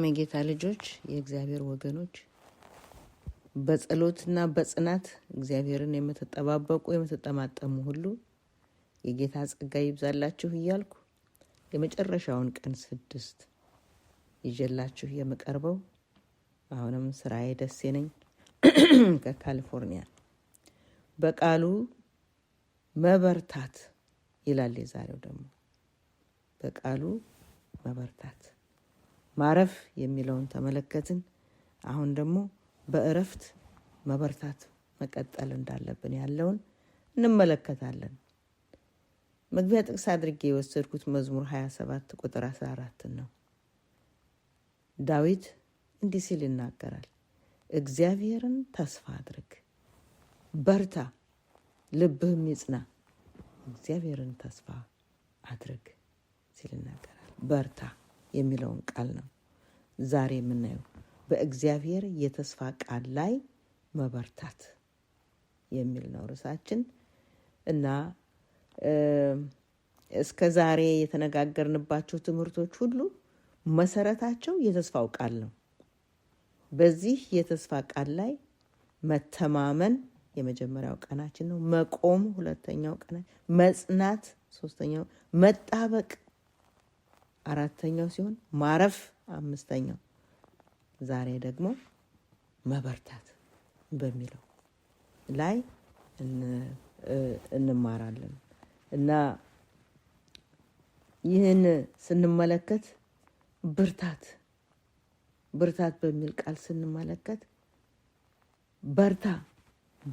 መልካም የጌታ ልጆች፣ የእግዚአብሔር ወገኖች በጸሎትና በጽናት እግዚአብሔርን የምትጠባበቁ የምትጠማጠሙ ሁሉ የጌታ ጸጋ ይብዛላችሁ እያልኩ የመጨረሻውን ቀን ስድስት ይዤላችሁ የምቀርበው አሁንም ስራዬ ደሴ ነኝ ከካሊፎርኒያ በቃሉ መበርታት ይላል። የዛሬው ደግሞ በቃሉ መበርታት ማረፍ የሚለውን ተመለከትን። አሁን ደግሞ በእረፍት መበርታት መቀጠል እንዳለብን ያለውን እንመለከታለን። መግቢያ ጥቅስ አድርጌ የወሰድኩት መዝሙር 27 ቁጥር 14 ነው። ዳዊት እንዲህ ሲል ይናገራል። እግዚአብሔርን ተስፋ አድርግ፣ በርታ፣ ልብህም ይጽና። እግዚአብሔርን ተስፋ አድርግ ሲል ይናገራል። በርታ የሚለውን ቃል ነው ዛሬ የምናየው። በእግዚአብሔር የተስፋ ቃል ላይ መበርታት የሚል ነው ርዕሳችን እና እስከ ዛሬ የተነጋገርንባቸው ትምህርቶች ሁሉ መሰረታቸው የተስፋው ቃል ነው። በዚህ የተስፋ ቃል ላይ መተማመን የመጀመሪያው ቀናችን ነው። መቆም ሁለተኛው ቀናችን፣ መጽናት ሶስተኛው፣ መጣበቅ አራተኛው ሲሆን ማረፍ አምስተኛው፣ ዛሬ ደግሞ መበርታት በሚለው ላይ እንማራለን እና ይህን ስንመለከት ብርታት ብርታት በሚል ቃል ስንመለከት በርታ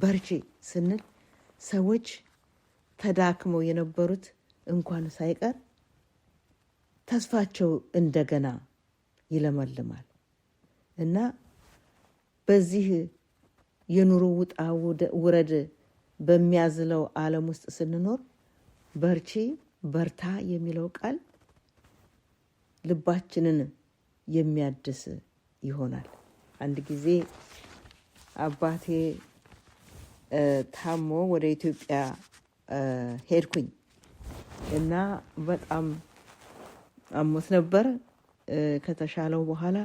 በርቼ ስንል ሰዎች ተዳክመው የነበሩት እንኳን ሳይቀር ተስፋቸው እንደገና ይለመልማል እና በዚህ የኑሮ ውጣ ውረድ በሚያዝለው ዓለም ውስጥ ስንኖር በርቺ በርታ የሚለው ቃል ልባችንን የሚያድስ ይሆናል። አንድ ጊዜ አባቴ ታሞ ወደ ኢትዮጵያ ሄድኩኝ እና በጣም አሞት ነበር። ከተሻለው በኋላ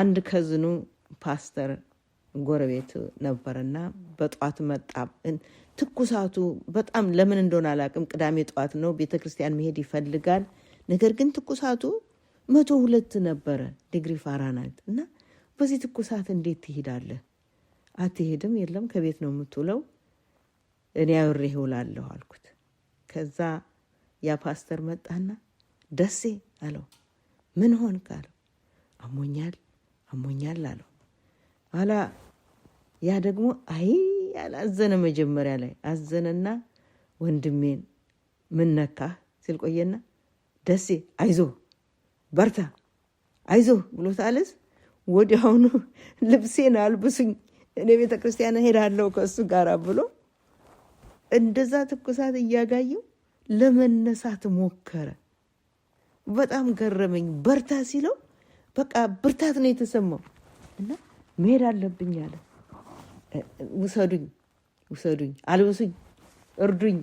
አንድ ከዝኑ ፓስተር ጎረቤት ነበርና በጠዋት መጣ። ትኩሳቱ በጣም ለምን እንደሆነ አላቅም። ቅዳሜ ጠዋት ነው፣ ቤተ ክርስቲያን መሄድ ይፈልጋል። ነገር ግን ትኩሳቱ መቶ ሁለት ነበረ ዲግሪ ፋራናይት እና በዚህ ትኩሳት እንዴት ትሄዳለህ? አትሄድም። የለም ከቤት ነው የምትውለው። እኔ አብሬህ ይውላለሁ አልኩት። ከዛ ያ ፓስተር መጣና ደሴ አለው። ምን ሆንክ አለው። አሞኛል አሞኛል አለው። ኋላ ያ ደግሞ አይ አላዘነ። መጀመሪያ ላይ አዘነና ወንድሜን ምን ነካህ ሲል ቆየና ደሴ አይዞ በርታ አይዞ ብሎታልስ ወዲያውኑ ልብሴን አልብሱኝ እኔ ቤተ ክርስቲያን ሄዳለሁ ከእሱ ጋር ብሎ እንደዛ ትኩሳት እያጋየው ለመነሳት ሞከረ። በጣም ገረመኝ። በርታ ሲለው በቃ ብርታት ነው የተሰማው እና መሄድ አለብኝ አለ። ውሰዱኝ፣ ውሰዱኝ፣ አልብሱኝ፣ እርዱኝ፣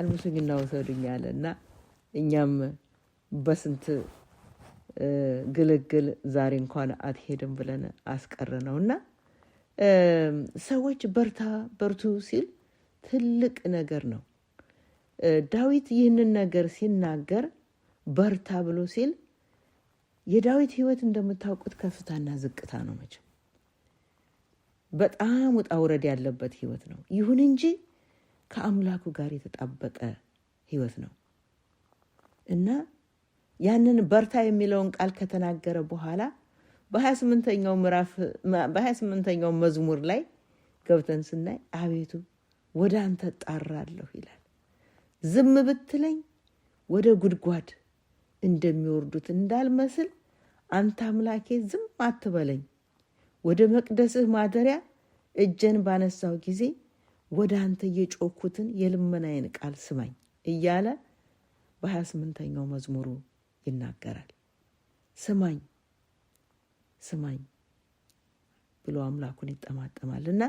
አልብሱኝ እና ውሰዱኝ አለ እና እኛም በስንት ግልግል ዛሬ እንኳን አትሄድም ብለን አስቀረ ነው እና ሰዎች በርታ በርቱ ሲል ትልቅ ነገር ነው። ዳዊት ይህንን ነገር ሲናገር በርታ ብሎ ሲል የዳዊት ህይወት እንደምታውቁት ከፍታና ዝቅታ ነው። መቼም በጣም ውጣ ውረድ ያለበት ህይወት ነው። ይሁን እንጂ ከአምላኩ ጋር የተጣበቀ ህይወት ነው እና ያንን በርታ የሚለውን ቃል ከተናገረ በኋላ በሀያ ስምንተኛው መዝሙር ላይ ገብተን ስናይ አቤቱ ወደ አንተ ጣራለሁ ይላል። ዝም ብትለኝ ወደ ጉድጓድ እንደሚወርዱት እንዳልመስል አንተ አምላኬ ዝም አትበለኝ። ወደ መቅደስህ ማደሪያ እጄን ባነሳው ጊዜ ወደ አንተ የጮኩትን የልመናዬን ቃል ስማኝ እያለ በሀያ ስምንተኛው መዝሙሩ ይናገራል። ስማኝ ስማኝ ብሎ አምላኩን ይጠማጠማል እና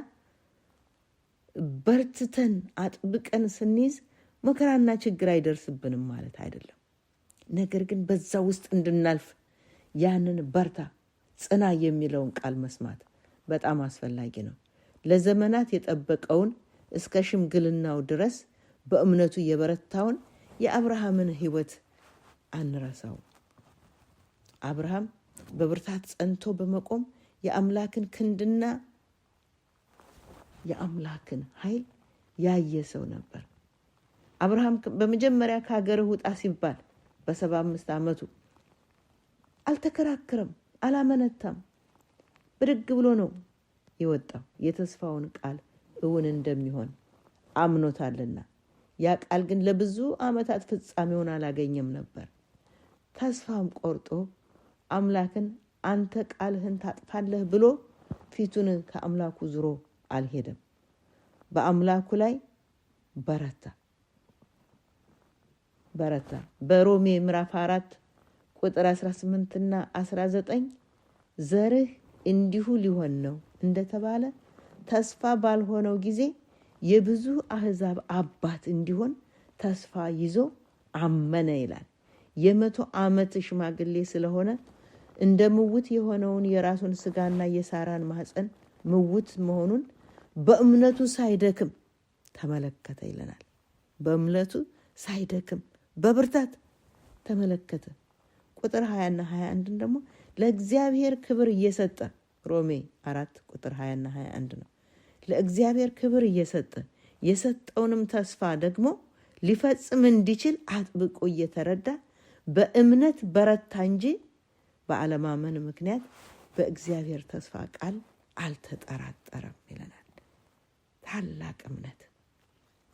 በርትተን አጥብቀን ስንይዝ መከራና ችግር አይደርስብንም ማለት አይደለም። ነገር ግን በዛ ውስጥ እንድናልፍ ያንን በርታ፣ ጽና የሚለውን ቃል መስማት በጣም አስፈላጊ ነው። ለዘመናት የጠበቀውን እስከ ሽምግልናው ድረስ በእምነቱ የበረታውን የአብርሃምን ሕይወት አንረሳው። አብርሃም በብርታት ጸንቶ በመቆም የአምላክን ክንድና የአምላክን ኃይል ያየ ሰው ነበር። አብርሃም በመጀመሪያ ከሀገርህ ውጣ ሲባል በሰባ አምስት ዓመቱ አልተከራከረም፣ አላመነታም። ብድግ ብሎ ነው የወጣው። የተስፋውን ቃል እውን እንደሚሆን አምኖታልና ያ ቃል ግን ለብዙ ዓመታት ፍጻሜውን አላገኘም ነበር። ተስፋም ቆርጦ አምላክን አንተ ቃልህን ታጥፋለህ ብሎ ፊቱን ከአምላኩ ዙሮ አልሄደም። በአምላኩ ላይ በረታ። በረታ። በሮሜ ምዕራፍ 4 ቁጥር 18ና 19 ዘርህ እንዲሁ ሊሆን ነው እንደተባለ ተስፋ ባልሆነው ጊዜ የብዙ አህዛብ አባት እንዲሆን ተስፋ ይዞ አመነ ይላል። የመቶ ዓመት ሽማግሌ ስለሆነ እንደ ምውት የሆነውን የራሱን ስጋና የሳራን ማህፀን ምውት መሆኑን በእምነቱ ሳይደክም ተመለከተ ይለናል። በእምነቱ ሳይደክም በብርታት ተመለከተ። ቁጥር 20ና 21ን ደግሞ ለእግዚአብሔር ክብር እየሰጠ ሮሜ አራት ቁጥር 20ና 21 ነው። ለእግዚአብሔር ክብር እየሰጠ የሰጠውንም ተስፋ ደግሞ ሊፈጽም እንዲችል አጥብቆ እየተረዳ በእምነት በረታ እንጂ በአለማመን ምክንያት በእግዚአብሔር ተስፋ ቃል አልተጠራጠረም ይለናል። ታላቅ እምነት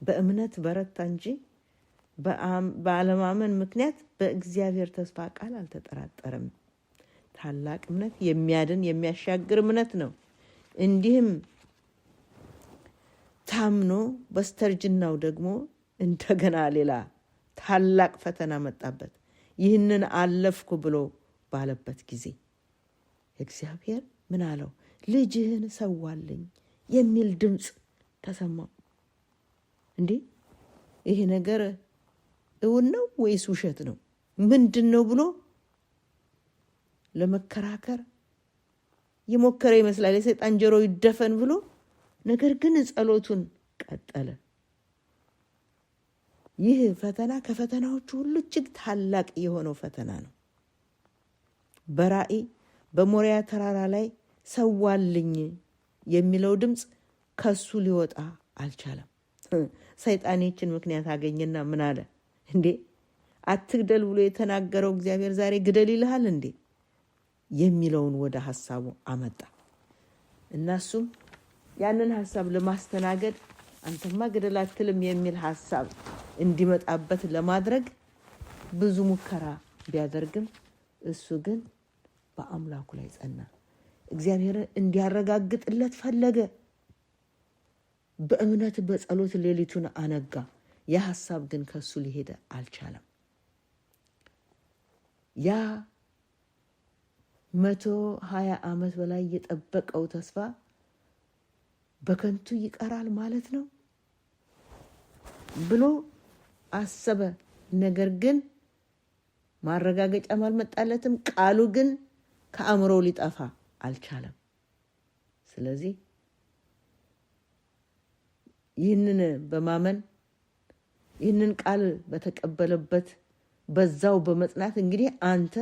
በእምነት በረታ እንጂ በአለማመን ምክንያት በእግዚአብሔር ተስፋ ቃል አልተጠራጠረም። ታላቅ እምነት የሚያድን የሚያሻግር እምነት ነው። እንዲህም ታምኖ በስተርጅናው ደግሞ እንደገና ሌላ ታላቅ ፈተና መጣበት። ይህንን አለፍኩ ብሎ ባለበት ጊዜ እግዚአብሔር ምን አለው? ልጅህን ሰዋልኝ የሚል ድምፅ ተሰማው። እንዲህ ይሄ ነገር እውን ነው ወይስ ውሸት ነው ምንድን ነው ብሎ ለመከራከር የሞከረ ይመስላል። የሰይጣን ጆሮ ይደፈን ብሎ ነገር ግን ጸሎቱን ቀጠለ። ይህ ፈተና ከፈተናዎቹ ሁሉ እጅግ ታላቅ የሆነው ፈተና ነው። በራእይ በሞሪያ ተራራ ላይ ሰዋልኝ የሚለው ድምፅ ከሱ ሊወጣ አልቻለም። ሰይጣን ይችን ምክንያት አገኘና ምን አለ? እንዴ አትግደል ብሎ የተናገረው እግዚአብሔር ዛሬ ግደል ይልሃል እንዴ የሚለውን ወደ ሀሳቡ አመጣ እና ያንን ሀሳብ ለማስተናገድ አንተማ ግደል አትልም የሚል ሀሳብ እንዲመጣበት ለማድረግ ብዙ ሙከራ ቢያደርግም እሱ ግን በአምላኩ ላይ ጸና። እግዚአብሔር እንዲያረጋግጥለት ፈለገ። በእምነት በጸሎት ሌሊቱን አነጋ። ያ ሀሳብ ግን ከሱ ሊሄድ አልቻለም። ያ መቶ ሀያ ዓመት በላይ የጠበቀው ተስፋ በከንቱ ይቀራል ማለት ነው ብሎ አሰበ። ነገር ግን ማረጋገጫም አልመጣለትም። ቃሉ ግን ከአእምሮ ሊጠፋ አልቻለም። ስለዚህ ይህንን በማመን ይህንን ቃል በተቀበለበት በዛው በመጽናት እንግዲህ አንተ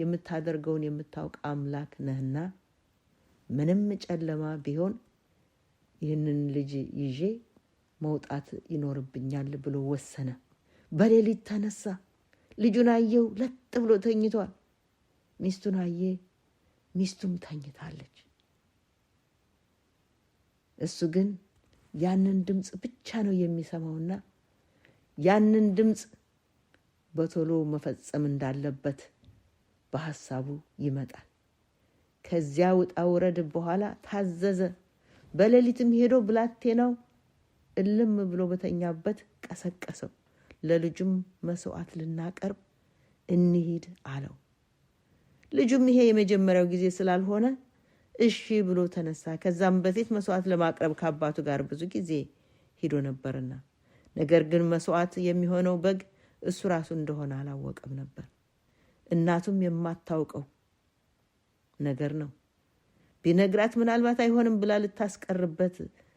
የምታደርገውን የምታውቅ አምላክ ነህና ምንም ጨለማ ቢሆን ይህንን ልጅ ይዤ መውጣት ይኖርብኛል ብሎ ወሰነ። በሌሊት ተነሳ። ልጁን አየው፣ ለጥ ብሎ ተኝቷል። ሚስቱን አየ፣ ሚስቱም ተኝታለች። እሱ ግን ያንን ድምፅ ብቻ ነው የሚሰማውና ያንን ድምፅ በቶሎ መፈጸም እንዳለበት በሐሳቡ ይመጣል። ከዚያ ውጣ ውረድ በኋላ ታዘዘ። በሌሊትም ሄዶ ብላቴናው እልም ብሎ በተኛበት ቀሰቀሰው። ለልጁም መስዋዕት ልናቀርብ እንሂድ አለው። ልጁም ይሄ የመጀመሪያው ጊዜ ስላልሆነ እሺ ብሎ ተነሳ። ከዛም በፊት መስዋዕት ለማቅረብ ከአባቱ ጋር ብዙ ጊዜ ሂዶ ነበርና ነገር ግን መስዋዕት የሚሆነው በግ እሱ ራሱ እንደሆነ አላወቀም ነበር። እናቱም የማታውቀው ነገር ነው። ቢነግራት ምናልባት አይሆንም ብላ ልታስቀርበት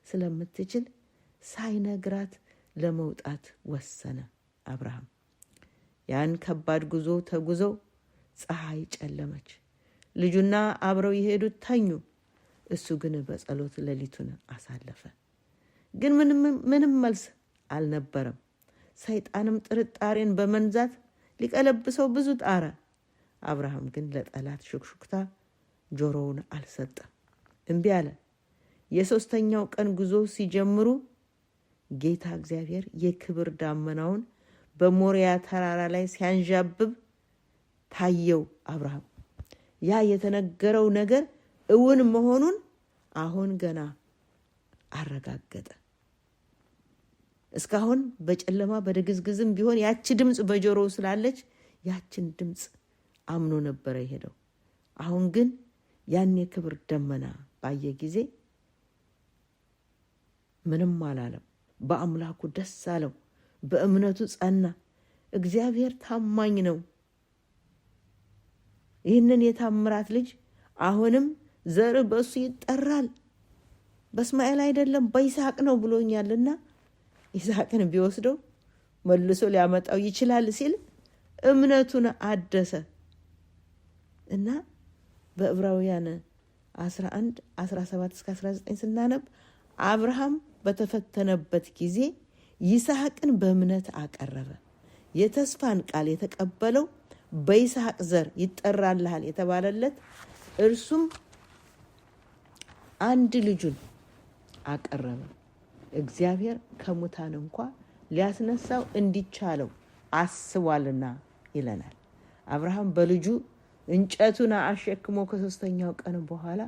ስለምትችል ሳይነግራት ለመውጣት ወሰነ አብርሃም። ያን ከባድ ጉዞ ተጉዘው ፀሐይ ጨለመች። ልጁና አብረው የሄዱት ተኙ። እሱ ግን በጸሎት ሌሊቱን አሳለፈ። ግን ምንም መልስ አልነበረም። ሰይጣንም ጥርጣሬን በመንዛት ሊቀለብሰው ብዙ ጣረ። አብርሃም ግን ለጠላት ሹክሹክታ ጆሮውን አልሰጠም፣ እምቢ አለ። የሦስተኛው ቀን ጉዞ ሲጀምሩ ጌታ እግዚአብሔር የክብር ዳመናውን በሞሪያ ተራራ ላይ ሲያንዣብብ ታየው። አብርሃም ያ የተነገረው ነገር እውን መሆኑን አሁን ገና አረጋገጠ። እስካሁን በጨለማ በድግዝግዝም ቢሆን ያቺ ድምፅ በጆሮው ስላለች ያችን ድምፅ አምኖ ነበረ የሄደው። አሁን ግን ያን የክብር ደመና ባየ ጊዜ ምንም አላለም። በአምላኩ ደስ አለው። በእምነቱ ጸና። እግዚአብሔር ታማኝ ነው። ይህንን የታምራት ልጅ አሁንም ዘር በእሱ ይጠራል፣ በእስማኤል አይደለም በይስሐቅ ነው ብሎኛልና ይስሐቅን ቢወስደው መልሶ ሊያመጣው ይችላል ሲል እምነቱን አደሰ እና በዕብራውያን 11 17 እስከ 19 ስናነብ አብርሃም በተፈተነበት ጊዜ ይስሐቅን በእምነት አቀረበ። የተስፋን ቃል የተቀበለው በይስሐቅ ዘር ይጠራልሃል የተባለለት እርሱም አንድ ልጁን አቀረበ። እግዚአብሔር ከሙታን እንኳ ሊያስነሳው እንዲቻለው አስቧልና ይለናል። አብርሃም በልጁ እንጨቱን አሸክሞ ከሶስተኛው ቀን በኋላ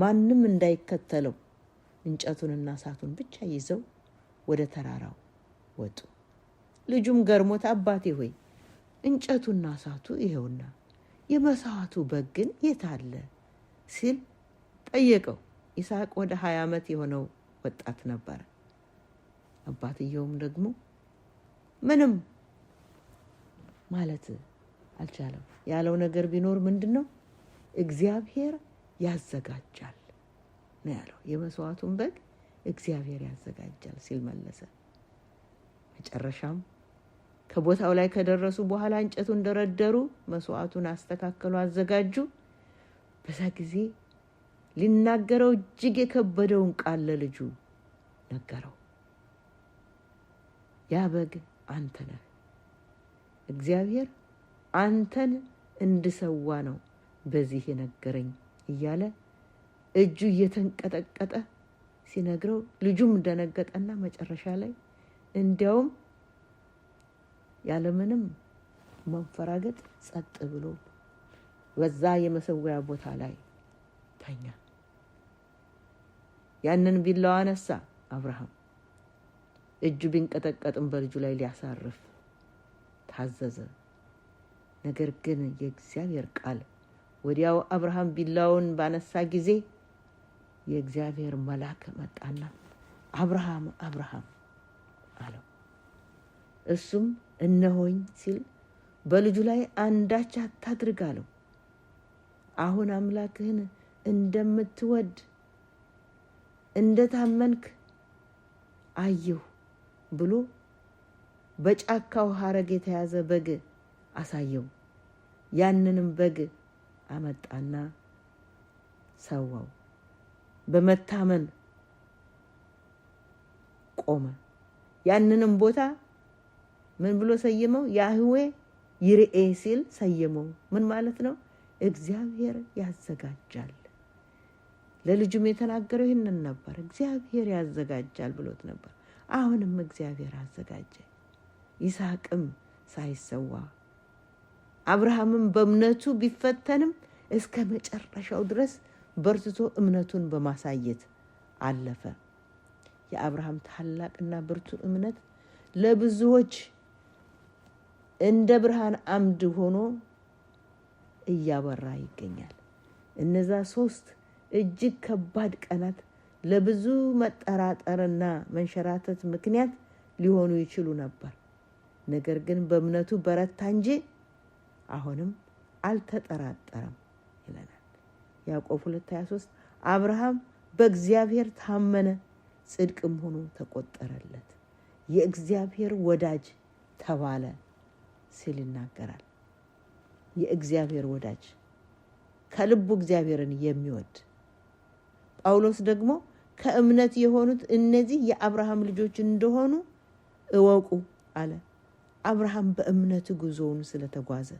ማንም እንዳይከተለው እንጨቱንና እሳቱን ብቻ ይዘው ወደ ተራራው ወጡ። ልጁም ገርሞት አባቴ ሆይ እንጨቱና እሳቱ ይኸውና፣ የመሥዋዕቱ በግ ግን የት አለ ሲል ጠየቀው። ይስሐቅ ወደ ሀያ ዓመት የሆነው ወጣት ነበረ። አባትየውም ደግሞ ምንም ማለት አልቻለም። ያለው ነገር ቢኖር ምንድን ነው? እግዚአብሔር ያዘጋጃል ነው ያለው። የመስዋዕቱን በግ እግዚአብሔር ያዘጋጃል ሲል መለሰ። መጨረሻም ከቦታው ላይ ከደረሱ በኋላ እንጨቱን ደረደሩ፣ መስዋዕቱን አስተካከሉ፣ አዘጋጁ። በዛ ጊዜ ሊናገረው እጅግ የከበደውን ቃል ለልጁ ነገረው። ያ በግ አንተ ነህ፣ እግዚአብሔር አንተን እንድሰዋ ነው በዚህ የነገረኝ እያለ እጁ እየተንቀጠቀጠ ሲነግረው ልጁም እንደነገጠና መጨረሻ ላይ እንዲያውም ያለምንም መንፈራገጥ ጸጥ ብሎ በዛ የመሰዊያ ቦታ ላይ ተኛ። ያንን ቢላዋ አነሳ። አብርሃም እጁ ቢንቀጠቀጥም በልጁ ላይ ሊያሳርፍ ታዘዘ። ነገር ግን የእግዚአብሔር ቃል ወዲያው አብርሃም ቢላውን ባነሳ ጊዜ የእግዚአብሔር መልአክ መጣና አብርሃም አብርሃም አለው። እሱም እነሆኝ ሲል በልጁ ላይ አንዳች አታድርግ አለው። አሁን አምላክህን እንደምትወድ እንደ ታመንክ አየሁ ብሎ በጫካው ሐረግ የተያዘ በግ አሳየው። ያንንም በግ አመጣና ሰዋው። በመታመን ቆመ። ያንንም ቦታ ምን ብሎ ሰየመው? ያህዌ ይርኤ ሲል ሰየመው። ምን ማለት ነው? እግዚአብሔር ያዘጋጃል ለልጁም የተናገረው ይህንን ነበር። እግዚአብሔር ያዘጋጃል ብሎት ነበር። አሁንም እግዚአብሔር አዘጋጀ። ይስሐቅም ሳይሰዋ አብርሃምም በእምነቱ ቢፈተንም እስከ መጨረሻው ድረስ በርትቶ እምነቱን በማሳየት አለፈ። የአብርሃም ታላቅና ብርቱ እምነት ለብዙዎች እንደ ብርሃን አምድ ሆኖ እያበራ ይገኛል። እነዛ ሶስት እጅግ ከባድ ቀናት ለብዙ መጠራጠርና መንሸራተት ምክንያት ሊሆኑ ይችሉ ነበር። ነገር ግን በእምነቱ በረታ እንጂ አሁንም አልተጠራጠረም ይለናል ያዕቆብ 2፥23 አብርሃም በእግዚአብሔር ታመነ፣ ጽድቅም ሆኖ ተቆጠረለት፣ የእግዚአብሔር ወዳጅ ተባለ ሲል ይናገራል። የእግዚአብሔር ወዳጅ ከልቡ እግዚአብሔርን የሚወድ ጳውሎስ ደግሞ ከእምነት የሆኑት እነዚህ የአብርሃም ልጆች እንደሆኑ እወቁ አለ። አብርሃም በእምነት ጉዞውን ስለተጓዘ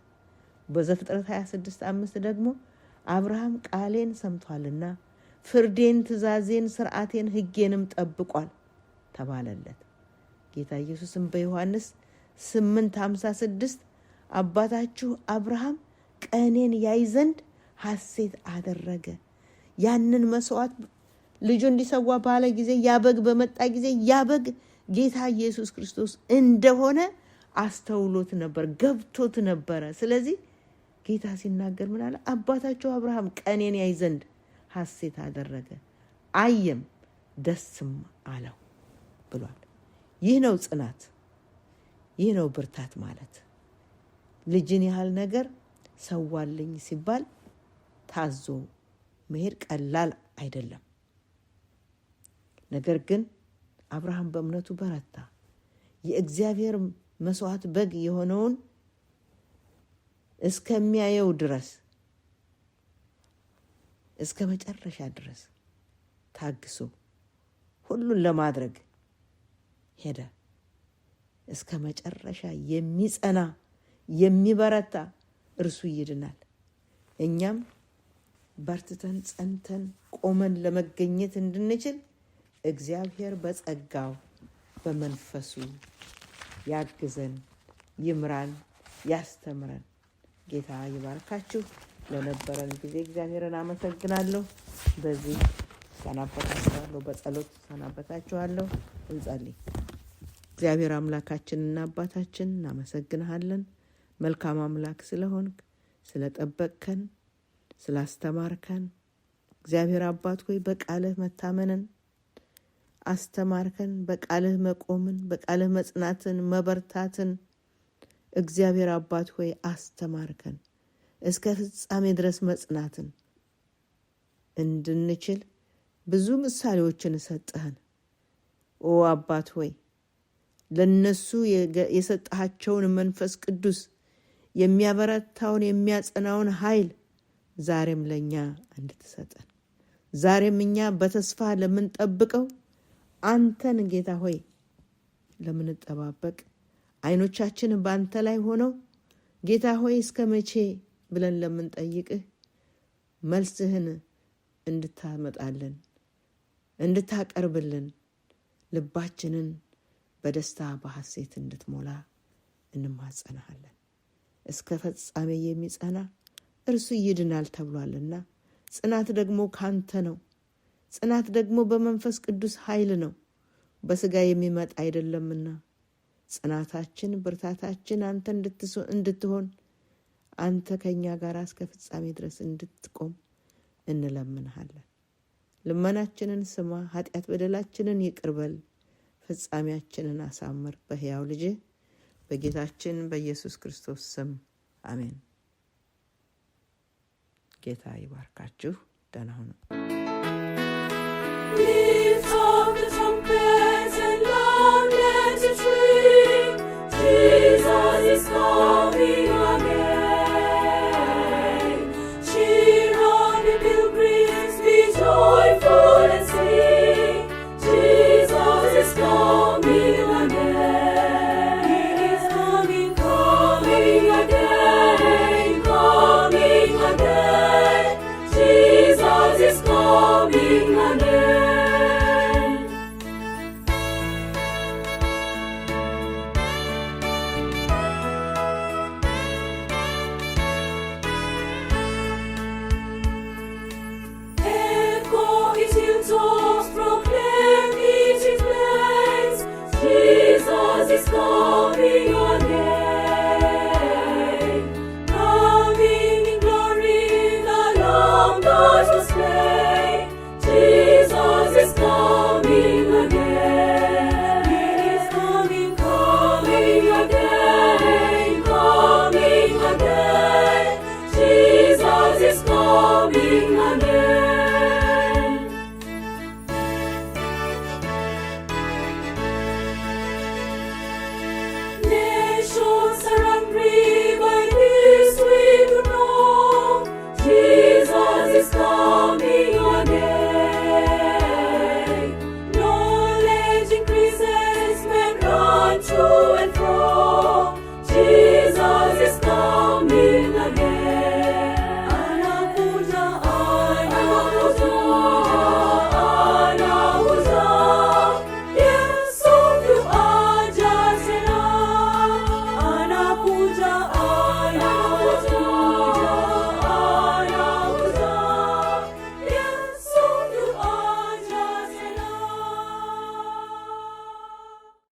በዘፍጥረት 26 አምስት ደግሞ አብርሃም ቃሌን ሰምቷልና ፍርዴን፣ ትእዛዜን፣ ስርዓቴን፣ ህጌንም ጠብቋል ተባለለት። ጌታ ኢየሱስም በዮሐንስ 8:56 አባታችሁ አብርሃም ቀኔን ያይ ዘንድ ሐሴት አደረገ ያንን መስዋዕት ልጁ እንዲሰዋ ባለ ጊዜ ያበግ በመጣ ጊዜ ያበግ ጌታ ኢየሱስ ክርስቶስ እንደሆነ አስተውሎት ነበር፣ ገብቶት ነበረ። ስለዚህ ጌታ ሲናገር ምናለ አባታቸው አብርሃም ቀኔን ያይ ዘንድ ሐሴት አደረገ፣ አየም ደስም አለው ብሏል። ይህ ነው ጽናት፣ ይህ ነው ብርታት ማለት ልጅን ያህል ነገር ሰዋልኝ ሲባል ታዞ መሄድ ቀላል አይደለም። ነገር ግን አብርሃም በእምነቱ በረታ። የእግዚአብሔር መስዋዕት በግ የሆነውን እስከሚያየው ድረስ እስከ መጨረሻ ድረስ ታግሶ ሁሉን ለማድረግ ሄደ። እስከ መጨረሻ የሚጸና የሚበረታ እርሱ ይድናል። እኛም በርትተን ጸንተን ቆመን ለመገኘት እንድንችል እግዚአብሔር በጸጋው በመንፈሱ ያግዘን፣ ይምራን፣ ያስተምረን። ጌታ ይባርካችሁ። ለነበረን ጊዜ እግዚአብሔርን አመሰግናለሁ። በዚህ ሰናበታችኋለሁ፣ በጸሎት ሰናበታችኋለሁ። እንጸልይ። እግዚአብሔር አምላካችንና አባታችን እናመሰግንሃለን። መልካም አምላክ ስለሆንክ ስለጠበቅከን ስላስተማርከን እግዚአብሔር አባት ሆይ በቃልህ መታመንን አስተማርከን። በቃልህ መቆምን፣ በቃልህ መጽናትን፣ መበርታትን እግዚአብሔር አባት ሆይ አስተማርከን። እስከ ፍጻሜ ድረስ መጽናትን እንድንችል ብዙ ምሳሌዎችን ሰጠህን። ኦ አባት ሆይ ለነሱ የሰጠሃቸውን መንፈስ ቅዱስ የሚያበረታውን የሚያጸናውን ኃይል ዛሬም ለእኛ እንድትሰጠን ዛሬም እኛ በተስፋ ለምንጠብቀው አንተን ጌታ ሆይ ለምንጠባበቅ አይኖቻችን በአንተ ላይ ሆነው ጌታ ሆይ እስከ መቼ ብለን ለምንጠይቅህ መልስህን እንድታመጣልን እንድታቀርብልን ልባችንን በደስታ በሐሴት እንድትሞላ እንማጸናሃለን። እስከ ፈጻሜ የሚጸና እርሱ ይድናል ተብሏልና። ጽናት ደግሞ ካንተ ነው። ጽናት ደግሞ በመንፈስ ቅዱስ ኃይል ነው፣ በስጋ የሚመጣ አይደለምና። ጽናታችን፣ ብርታታችን አንተ እንድትሆን አንተ ከእኛ ጋር እስከ ፍጻሜ ድረስ እንድትቆም እንለምንሃለን። ልመናችንን ስማ፣ ኃጢአት በደላችንን ይቅርበል፣ ፍጻሜያችንን አሳምር። በሕያው ልጅ በጌታችን በኢየሱስ ክርስቶስ ስም አሜን። ጌታ ይባርካችሁ። ደህና ሁኑ።